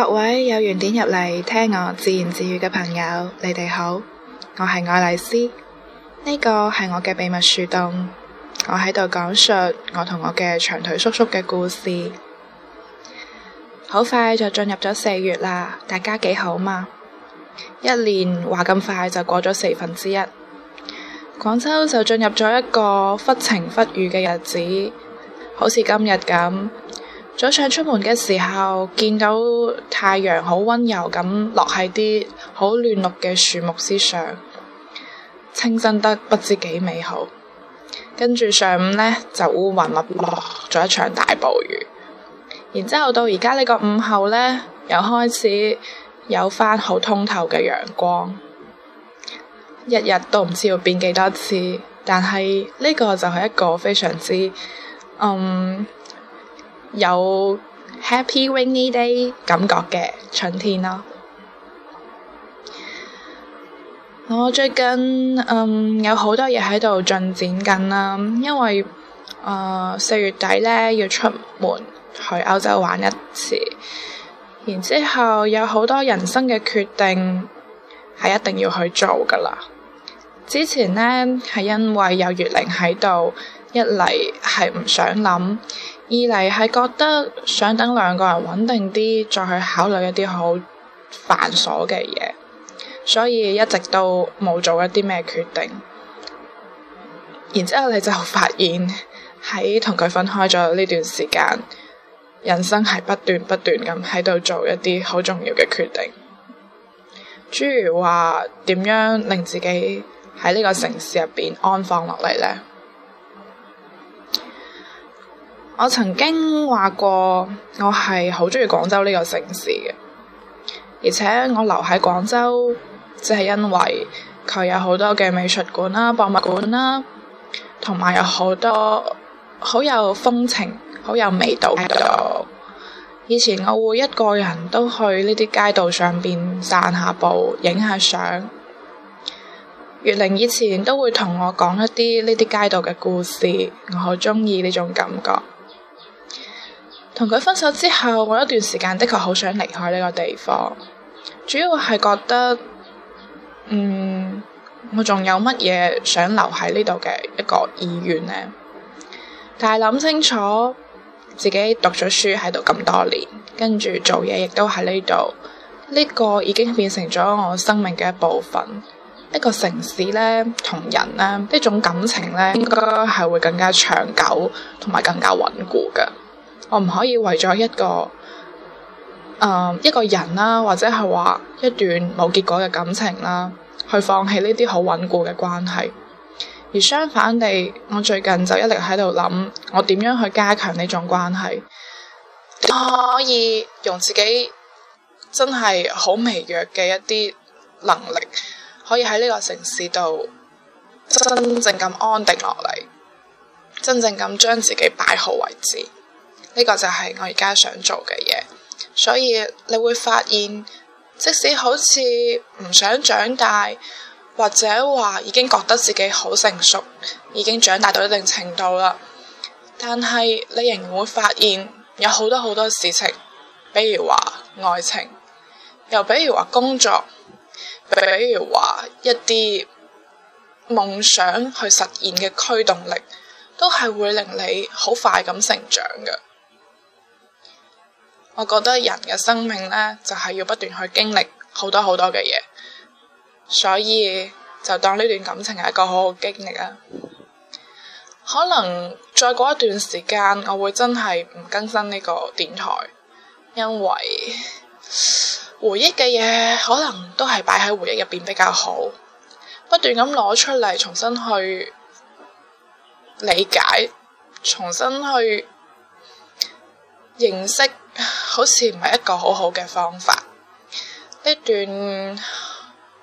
各位有緣點入嚟聽我自言自語嘅朋友，你哋好，我係愛麗絲，呢、這個係我嘅秘密樹洞，我喺度講述我同我嘅長腿叔叔嘅故事。好 快就進入咗四月啦，大家幾好嘛？一年話咁快就過咗四分之一，廣州就進入咗一個忽晴忽雨嘅日子，好似今日咁。早上出門嘅時候，見到太陽好溫柔咁落喺啲好嫩綠嘅樹木之上，清新得不知幾美好。跟住上午呢，就烏雲密佈，落咗一場大暴雨，然之後到而家呢個午後呢，又開始有返好通透嘅陽光，一日，日都唔知要變幾多次。但係呢個就係一個非常之嗯。有 Happy Windy Day 感覺嘅春天咯。我最近嗯有好多嘢喺度進展緊啦，因為誒四月底咧要出門去歐洲玩一次，然之後有好多人生嘅決定係一定要去做噶啦。之前咧係因為有月齡喺度，一嚟係唔想諗。二嚟係覺得想等兩個人穩定啲，再去考慮一啲好繁瑣嘅嘢，所以一直都冇做一啲咩決定。然之後你就發現喺同佢分開咗呢段時間，人生係不斷不斷咁喺度做一啲好重要嘅決定，諸如話點樣令自己喺呢個城市入邊安放落嚟咧。我曾經話過，我係好鍾意廣州呢個城市嘅，而且我留喺廣州，即係因為佢有好多嘅美術館啦、啊、博物館啦、啊，同埋有好多好有風情、好有味道嘅路。以前我會一個人都去呢啲街道上邊散下步、影下相。月玲以前都會同我講一啲呢啲街道嘅故事，我好鍾意呢種感覺。同佢分手之後，我一段時間的確好想離開呢個地方，主要係覺得，嗯，我仲有乜嘢想留喺呢度嘅一個意願呢？但係諗清楚，自己讀咗書喺度咁多年，跟住做嘢亦都喺呢度，呢個已經變成咗我生命嘅一部分。一個城市呢，同人呢，呢種感情呢，應該係會更加長久同埋更加穩固嘅。我唔可以為咗一個誒、呃、一個人啦，或者係話一段冇結果嘅感情啦，去放棄呢啲好穩固嘅關係。而相反地，我最近就一直喺度諗，我點樣去加強呢種關係？我可以用自己真係好微弱嘅一啲能力，可以喺呢個城市度真正咁安定落嚟，真正咁將自己擺好位置。呢個就係我而家想做嘅嘢，所以你會發現，即使好似唔想長大，或者話已經覺得自己好成熟，已經長大到一定程度啦，但係你仍然會發現有好多好多事情，比如話愛情，又比如話工作，比如話一啲夢想去實現嘅驅動力，都係會令你好快咁成長嘅。我覺得人嘅生命呢，就係要不斷去經歷好多好多嘅嘢，所以就當呢段感情係一個好好經歷啦。可能再過一段時間，我會真係唔更新呢個電台，因為回憶嘅嘢可能都係擺喺回憶入邊比較好，不斷咁攞出嚟重新去理解，重新去認識好似唔係一個好好嘅方法。呢段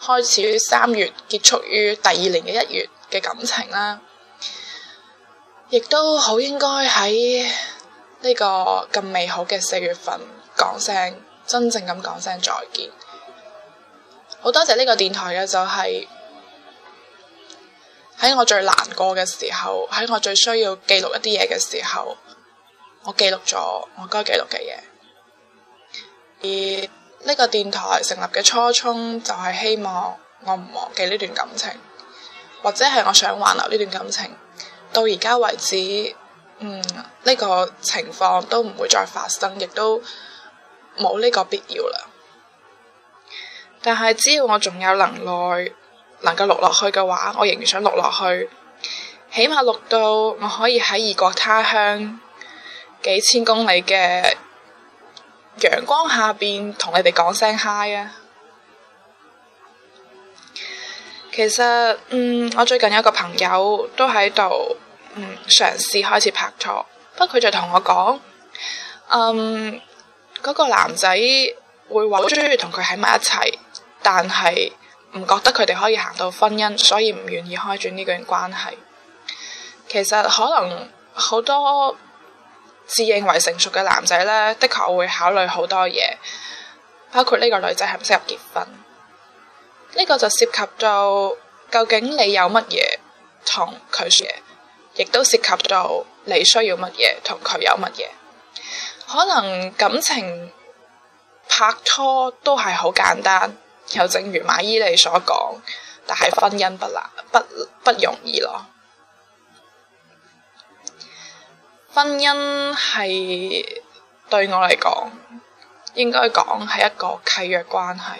開始於三月，結束於第二年嘅一月嘅感情啦，亦都好應該喺呢個咁美好嘅四月份講聲真正咁講聲再見。好多謝呢個電台嘅、就係，就係喺我最難過嘅時候，喺我最需要記錄一啲嘢嘅時候。我記錄咗我該記錄嘅嘢，而呢個電台成立嘅初衷就係希望我唔忘記呢段感情，或者係我想挽留呢段感情。到而家為止，嗯，呢個情況都唔會再發生，亦都冇呢個必要啦。但係只要我仲有能耐能夠錄落去嘅話，我仍然想錄落去，起碼錄到我可以喺異國他鄉。幾千公里嘅陽光下邊，同你哋講聲嗨 i 啊！其實，嗯，我最近有個朋友都喺度，嗯，嘗試開始拍拖，不過佢就同我講，嗯，嗰、那個男仔會好中意同佢喺埋一齊，但係唔覺得佢哋可以行到婚姻，所以唔願意開轉呢段關係。其實可能好多。自認為成熟嘅男仔呢，的確我會考慮好多嘢，包括呢個女仔係唔適合結婚。呢個就涉及到究竟你有乜嘢同佢說，亦都涉及到你需要乜嘢同佢有乜嘢。可能感情拍拖都係好簡單，又正如馬伊琍所講，但係婚姻不難不不容易咯。婚姻係對我嚟講，應該講係一個契約關係。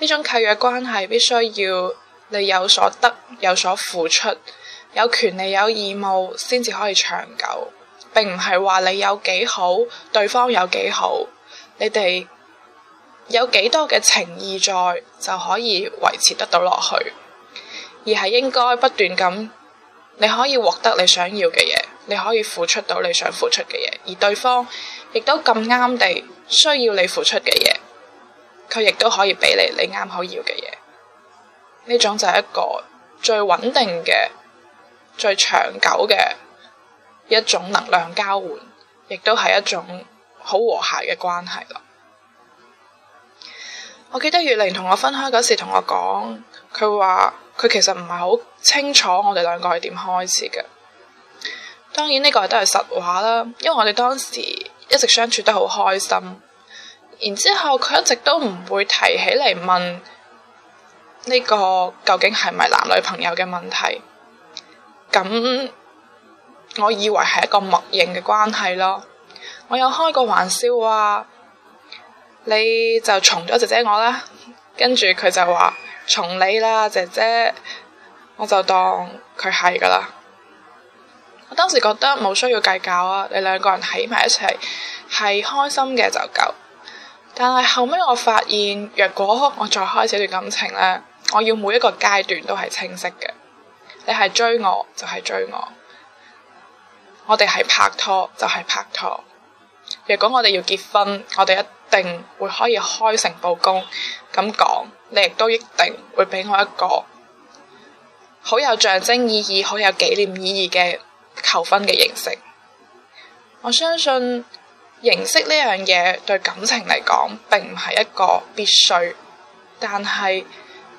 呢種契約關係必須要你有所得，有所付出，有權利有義務先至可以長久。並唔係話你有幾好，對方有幾好，你哋有幾多嘅情意在就可以維持得到落去，而係應該不斷咁，你可以獲得你想要嘅嘢。你可以付出到你想付出嘅嘢，而對方亦都咁啱地需要你付出嘅嘢，佢亦都可以畀你你啱好要嘅嘢。呢種就係一個最穩定嘅、最長久嘅一種能量交換，亦都係一種好和諧嘅關係啦。我記得月玲同我分開嗰時，同我講，佢話佢其實唔係好清楚我哋兩個係點開始嘅。當然呢個都係實話啦，因為我哋當時一直相處得好開心，然之後佢一直都唔會提起嚟問呢個究竟係咪男女朋友嘅問題，咁我以為係一個默認嘅關係咯。我有開過玩笑話，你就從咗姐姐我啦，跟住佢就話從你啦，姐姐，我就當佢係㗎喇。我當時覺得冇需要計較啊，你兩個人喺埋一齊係開心嘅就夠。但係後尾我發現，若果我再開始一段感情呢，我要每一個階段都係清晰嘅。你係追我就係、是、追我，我哋係拍拖就係、是、拍拖。若果我哋要結婚，我哋一定會可以開誠布公咁講，你亦都一定會俾我一個好有象徵意義、好有紀念意義嘅。求婚嘅形式，我相信形式呢樣嘢對感情嚟講，並唔係一個必須，但係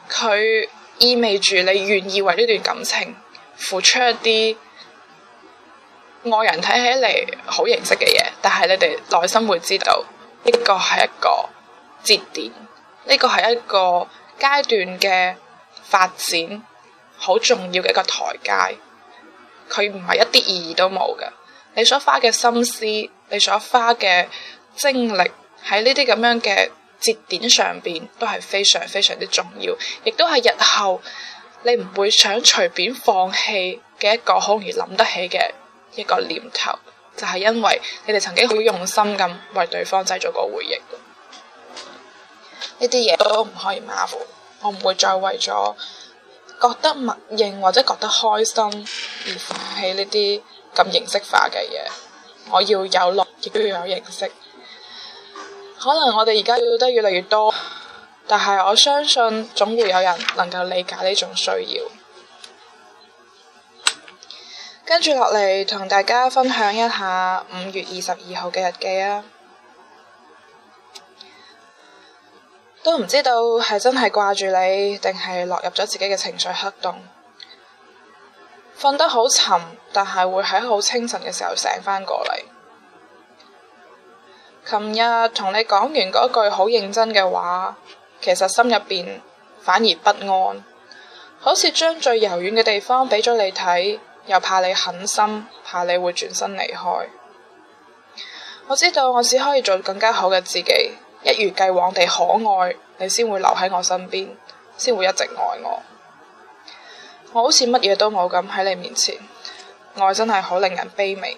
佢意味住你願意為呢段感情付出一啲外人睇起嚟好形式嘅嘢，但係你哋內心會知道呢個係一個節點，呢個係一個階段嘅發展好重要嘅一個台階。佢唔係一啲意義都冇嘅。你所花嘅心思，你所花嘅精力，喺呢啲咁樣嘅節點上邊，都係非常非常之重要，亦都係日後你唔會想隨便放棄嘅一個好容易諗得起嘅一個念頭，就係因為你哋曾經好用心咁為對方製造過回憶。呢啲嘢都唔可以馬虎，我唔會再為咗覺得默認或者覺得開心。而放棄呢啲咁形式化嘅嘢，我要有樂亦都要有形式。可能我哋而家要得越嚟越多，但係我相信總會有人能夠理解呢種需要。跟住落嚟同大家分享一下五月二十二號嘅日記啊！都唔知道係真係掛住你，定係落入咗自己嘅情緒黑洞。瞓得好沉，但係會喺好清晨嘅時候醒返過嚟。琴日同你講完嗰句好認真嘅話，其實心入邊反而不安，好似將最柔軟嘅地方畀咗你睇，又怕你狠心，怕你會轉身離開。我知道我只可以做更加好嘅自己，一如既往地可愛，你先會留喺我身邊，先會一直愛我。我好似乜嘢都冇咁喺你面前，愛真係好令人卑微。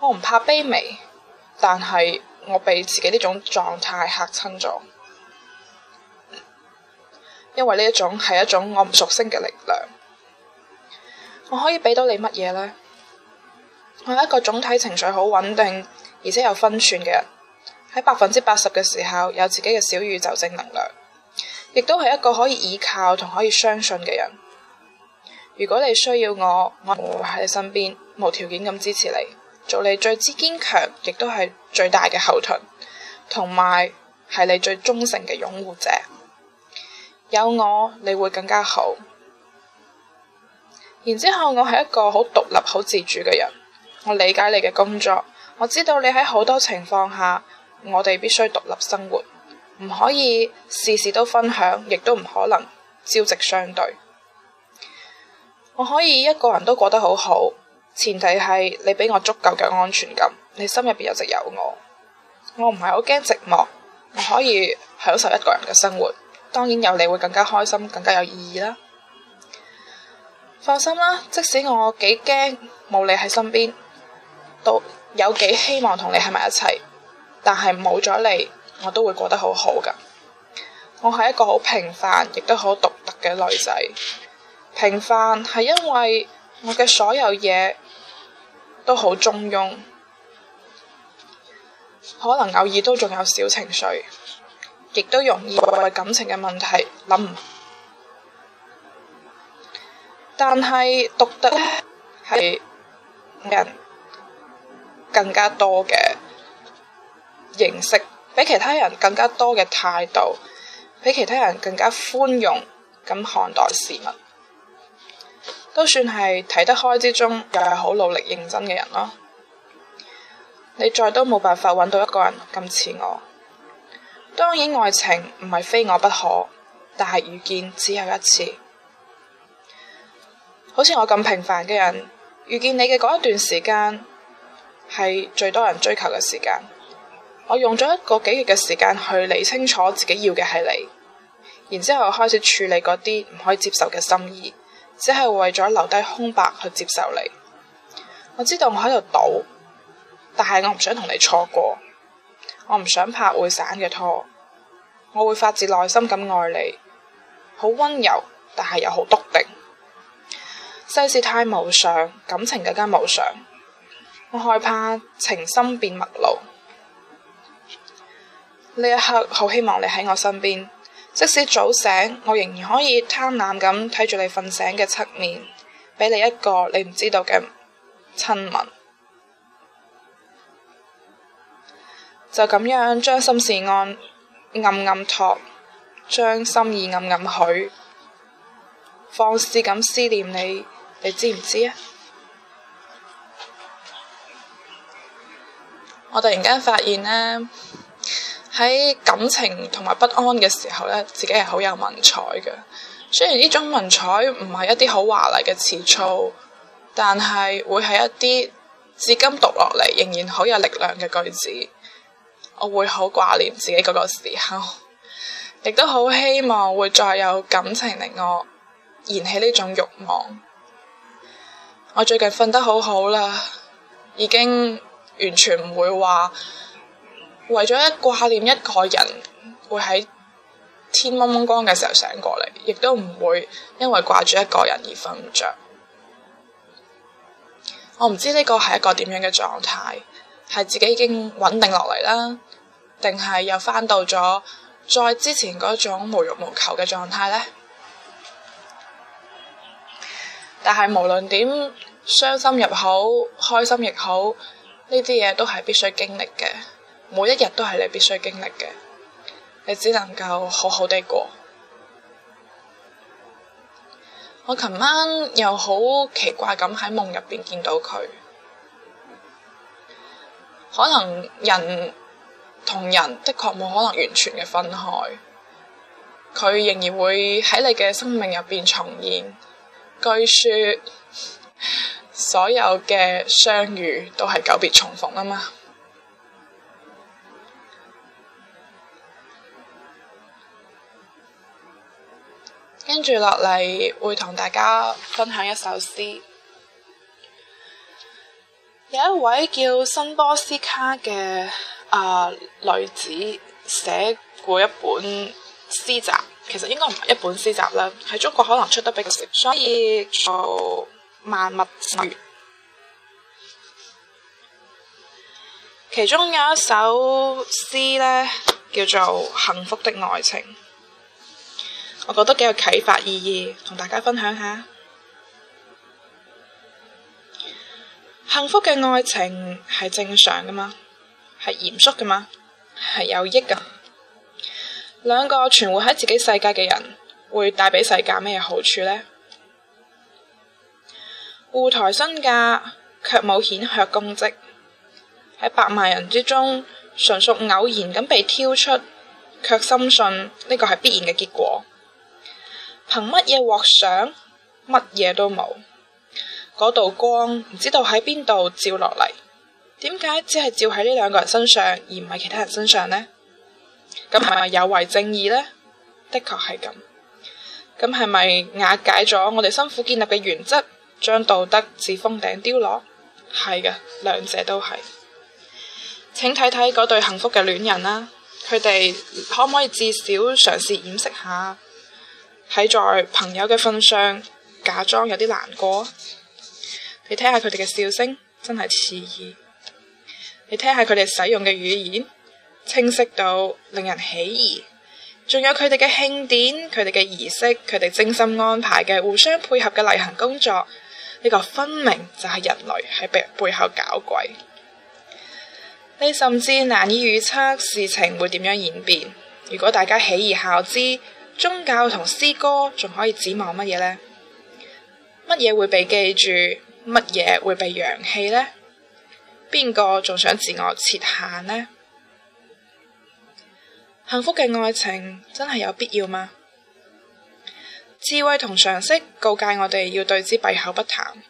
我唔怕卑微，但係我被自己呢種狀態嚇親咗，因為呢一種係一種我唔熟悉嘅力量。我可以畀到你乜嘢呢？我係一個總體情緒好穩定，而且有分寸嘅人。喺百分之八十嘅時候，有自己嘅小宇宙正能量，亦都係一個可以依靠同可以相信嘅人。如果你需要我，我會喺你身邊，無條件咁支持你，做你最之堅強，亦都係最大嘅後盾，同埋係你最忠誠嘅擁護者。有我，你會更加好。然之後，我係一個好獨立、好自主嘅人。我理解你嘅工作，我知道你喺好多情況下，我哋必須獨立生活，唔可以事事都分享，亦都唔可能朝夕相對。我可以一個人都過得好好，前提係你俾我足夠嘅安全感，你心入邊一直有我。我唔係好驚寂寞，我可以享受一個人嘅生活。當然有你會更加開心，更加有意義啦。放心啦，即使我幾驚冇你喺身邊，都有幾希望同你喺埋一齊。但係冇咗你，我都會過得好好㗎。我係一個好平凡亦都好獨特嘅女仔。平凡係因為我嘅所有嘢都好中庸，可能偶爾都仲有小情緒，亦都容易為感情嘅問題諗唔。但係獨特係人更加多嘅認識，比其他人更加多嘅態度，比其他人更加寬容咁看待事物。都算係睇得開之中，又係好努力認真嘅人咯。你再都冇辦法揾到一個人咁似我。當然愛情唔係非我不可，但係遇見只有一次。好似我咁平凡嘅人，遇見你嘅嗰一段時間，係最多人追求嘅時間。我用咗一個幾月嘅時間去理清楚自己要嘅係你，然之後開始處理嗰啲唔可以接受嘅心意。只係為咗留低空白去接受你，我知道我喺度賭，但係我唔想同你錯過，我唔想拍會散嘅拖，我會發自內心咁愛你，好温柔但係又好篤定，世事太無常，感情更加無常，我害怕情深變陌路，呢一刻好希望你喺我身邊。即使早醒，我仍然可以貪婪咁睇住你瞓醒嘅側面，畀你一個你唔知道嘅親吻。就咁樣將心事按暗暗託，將心意暗暗許，放肆咁思念你，你知唔知啊？我突然間發現呢。喺感情同埋不安嘅時候呢，自己係好有文采嘅。雖然呢種文采唔係一啲好華麗嘅詞藻，但係會係一啲至今讀落嚟仍然好有力量嘅句子。我會好掛念自己嗰個時候，亦都好希望會再有感情令我燃起呢種慾望。我最近瞓得好好啦，已經完全唔會話，為咗掛念一個人，會喺天蒙蒙光嘅時候醒過嚟，亦都唔會因為掛住一個人而瞓唔着。我唔知呢個係一個點樣嘅狀態，係自己已經穩定落嚟啦，定係又翻到咗再之前嗰種無欲無求嘅狀態呢？但係無論點傷心又好，開心亦好，呢啲嘢都係必須經歷嘅。每一日都係你必須經歷嘅，你只能夠好好地過。我琴晚又好奇怪咁喺夢入邊見到佢，可能人同人的確冇可能完全嘅分開，佢仍然會喺你嘅生命入邊重現。據說，所有嘅相遇都係久別重逢啊嘛。跟住落嚟會同大家分享一首詩，有一位叫辛波斯卡嘅啊、呃、女子寫過一本詩集，其實應該唔係一本詩集啦，喺中國可能出得比較少，所以叫《萬物集》。其中有一首詩呢，叫做《幸福的愛情》。我覺得幾有啟發意義，同大家分享下。幸福嘅愛情係正常噶嘛，係嚴肅噶嘛，係有益噶。兩個存活喺自己世界嘅人，會帶畀世界咩好處呢？互抬身價，卻冇顯赫功績。喺百萬人之中，純屬偶然咁被挑出，卻深信呢個係必然嘅結果。憑乜嘢獲賞？乜嘢都冇。嗰道光唔知道喺邊度照落嚟？點解只係照喺呢兩個人身上，而唔係其他人身上呢？咁係咪有違正義呢？的確係咁。咁係咪瓦解咗我哋辛苦建立嘅原則，將道德自封頂丟落？係嘅，兩者都係。請睇睇嗰對幸福嘅戀人啦，佢哋可唔可以至少嘗試掩飾下？睇在朋友嘅份上，假裝有啲難過。你聽下佢哋嘅笑聲，真係刺耳。你聽下佢哋使用嘅語言，清晰到令人起疑。仲有佢哋嘅慶典、佢哋嘅儀式、佢哋精心安排嘅互相配合嘅例行工作，呢、這個分明就係人類喺背後搞鬼。你甚至難以預測事情會點樣演變。如果大家起而效之，宗教同詩歌仲可以指望乜嘢呢？乜嘢會被記住，乜嘢會被揚棄呢？邊個仲想自我設限呢？幸福嘅愛情真係有必要嗎？智慧同常識告誡我哋要對之閉口不談。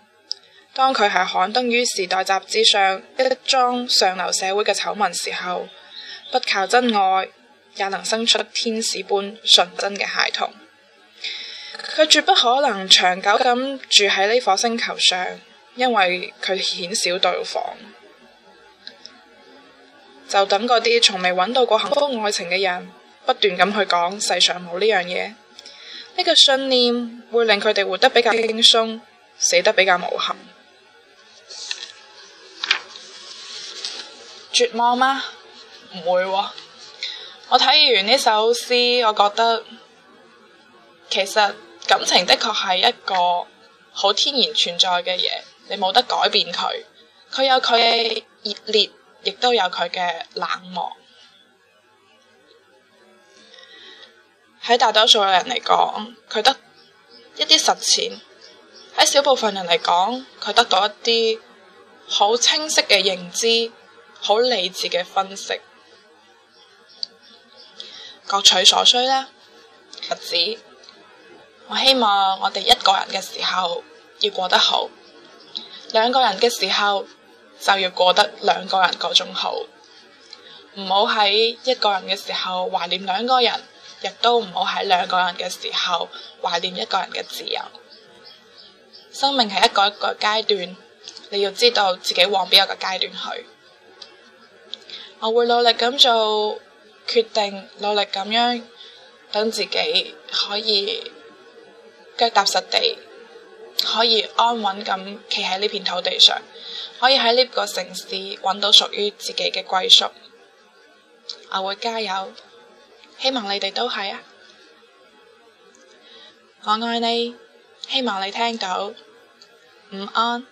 當佢係刊登於時代雜誌上一樁上流社會嘅醜聞時候，不靠真愛，也能生出天使般純真嘅孩童，佢絕不可能長久咁住喺呢顆星球上，因為佢顯少對房。就等嗰啲從未揾到過幸福愛情嘅人，不斷咁去講世上冇呢樣嘢，呢、呢個信念會令佢哋活得比較輕鬆，死得比較無憾。絕望嗎？唔會喎、啊。我睇完呢首詩，我覺得其實感情的確係一個好天然存在嘅嘢，你冇得改變佢。佢有佢嘅熱烈，亦都有佢嘅冷漠。喺大多數嘅人嚟講，佢得一啲實踐；喺少部分人嚟講，佢得到一啲好清晰嘅認知，好理智嘅分析。各取所需啦，日子。我希望我哋一個人嘅時候要過得好，兩個人嘅時候就要過得兩個人嗰種好。唔好喺一個人嘅時候懷念兩個人，亦都唔好喺兩個人嘅時候懷念一個人嘅自由。生命係一個一個階段，你要知道自己往邊一個階段去。我會努力咁做。決定努力咁樣等自己可以腳踏實地，可以安穩咁企喺呢片土地上，可以喺呢個城市揾到屬於自己嘅歸宿。我會加油，希望你哋都係啊！我愛你，希望你聽到。午安。